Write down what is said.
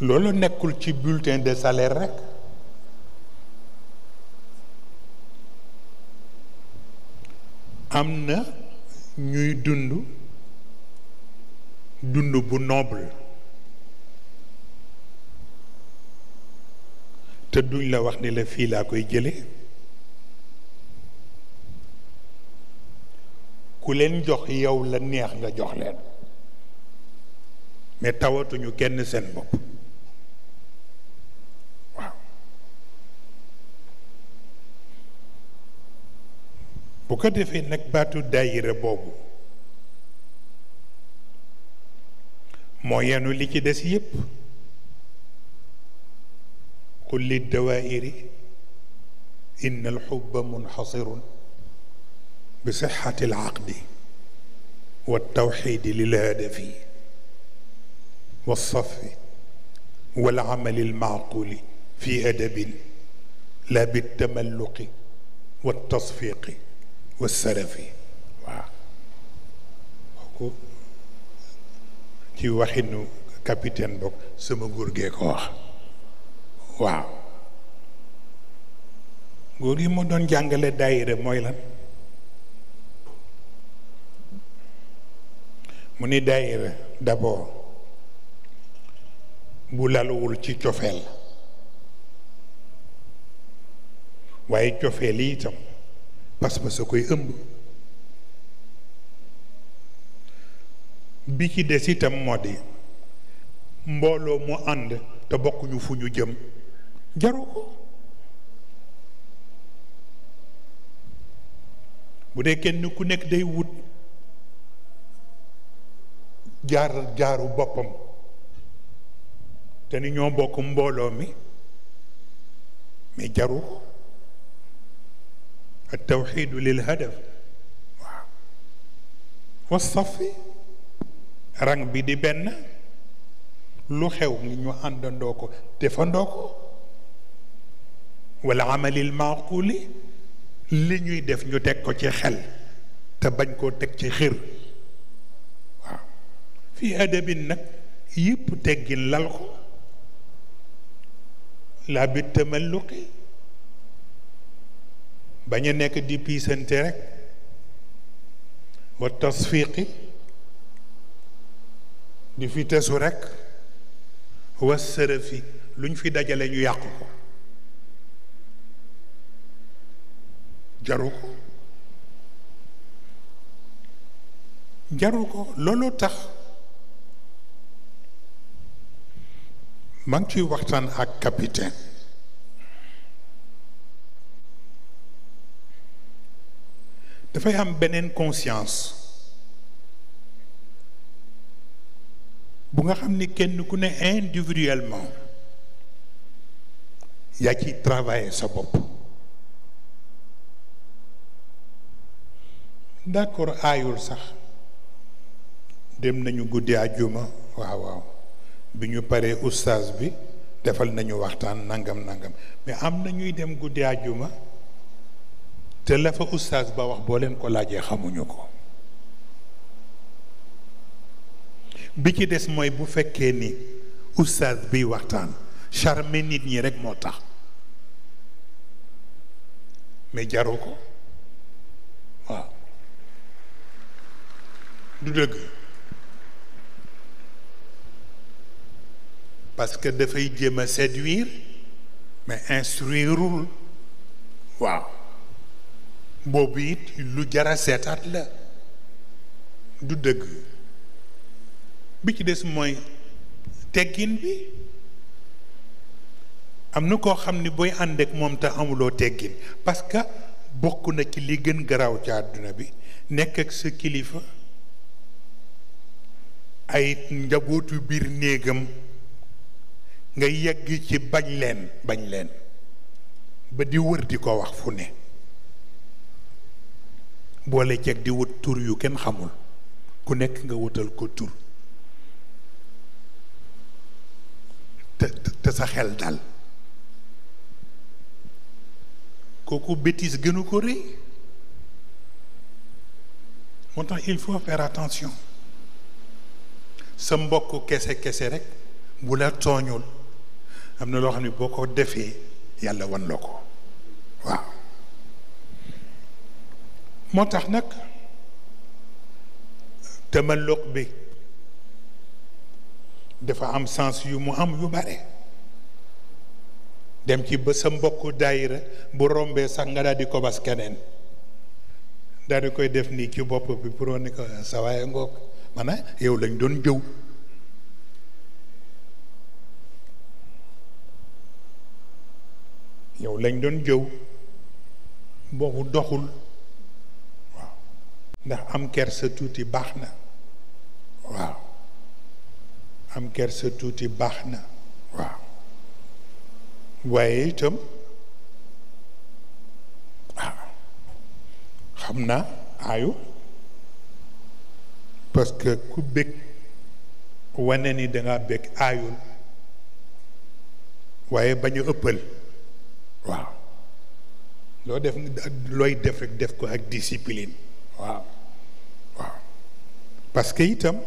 loolu nekkul ci bulletin de salaire rek am na ñuy dund dund bu noble te duñ la wax ni la fii laa koy jële ku leen jox yow la neex nga jox leen mais tawatuñu kenn seen bopp bu ko defee nag baatu daayira boobu moo yenu li ci des yépp qul li dawaa'iri inna alxubba munxasirun bi sixati alcaqdi wa altawxidi lilhadafi walsafi walcamali almacquli fi adabin la biltamalluqi waltasfiqi wa salafi waaw kooku ci waxinu capitaine boog sama góor gee ko wax waaw góor yi moo doon jàngale daayira mooy la mu ni daayira d'abord bu laluwul ci cofeel waaye cofeel yi itam pas-pas a koy ëmb bi ci des itam moo di mbooloo mu ànd te bokkuñu fu ñu jëm jaru ko bu dee kenn ku nekk day wut jaar jaaru boppam te ni ñoo bokk mbooloo mi mais jaru التوحيد للهدف waaw wasafi rang bi di benn lu xew ngi ñu àndandoo ko defandoo ko wala amalil maaquli li ñuy def ñu teg ko ci xel te bañ koo teg ci xir waaw fii adabin nag yëpp teggin lal ko laa bi tamalluqi bañ a nekk di piisante rek wa tasfiqi di fi tesu rekk wa sërëfi lu ñu fi dajalee ñu yàqu ko jaru ko jaru ko loolu tax maa ngi ciy waxtaan ak capitaine dafay am beneen conscience bu nga xam ni kenn ku ne individuellement yaa ci travailler sa bopp d'accord aayul sax dem nañu guddi ajuma waaw waaw bi ñu paree oustaz bi defal nañu waxtaan nangam nangam mais am na ñuy dem guddi ajuma te la fa oustaz ba wax boo leen ko laajee xamuñu ko bi ci des mooy bu fekkee ni oustaz biy waxtaan charme nit ñi rek moo tax mais jaru ko waaw du dëgg parce que dafay jéem a séduire mais instruirul waaw boobu it lu jara seetaat la du dëgg bi ci des mooy teggin bi am na koo xam ni booy ànd ak moom te amuloo teggin parce que bokk na ci li gën garaaw ci àdduna bi nekk ak sa kilifa ay njabootu biir néegam nga yegg ci bañ leen ba di wër di ko wax fu ne boole ceeg di wut tur yu kenn xamul ku nekk nga wutal ko tur te te sa xel dal kooku bêtise gënu ko rëy moo tax il faut faire attention sa mbokk kese kese rek bu la tooñul am na loo xam ne boo ko defee yàlla wan la ko moo tax nag te tamalluq bi dafa am sens yu mu am yu bare dem ci ba sa mbokku daayira bu rombee sax nga daal di ko bas keneen daal di koy def nii ci bopp bi pour ni ko sa waaye ngoog maanaam ah, yow lañ doon jëw yow lañ doon jëw boobu doxul ndax am kersa tuuti baax na waaw am kersa tuuti baax na waaw waaye itam xam na aayu parce que ku bëgg wane ni danga bëgg aayul waaye bañ a ëppal waaw loo def looy def rek def ko ak discipline waaw parce que itam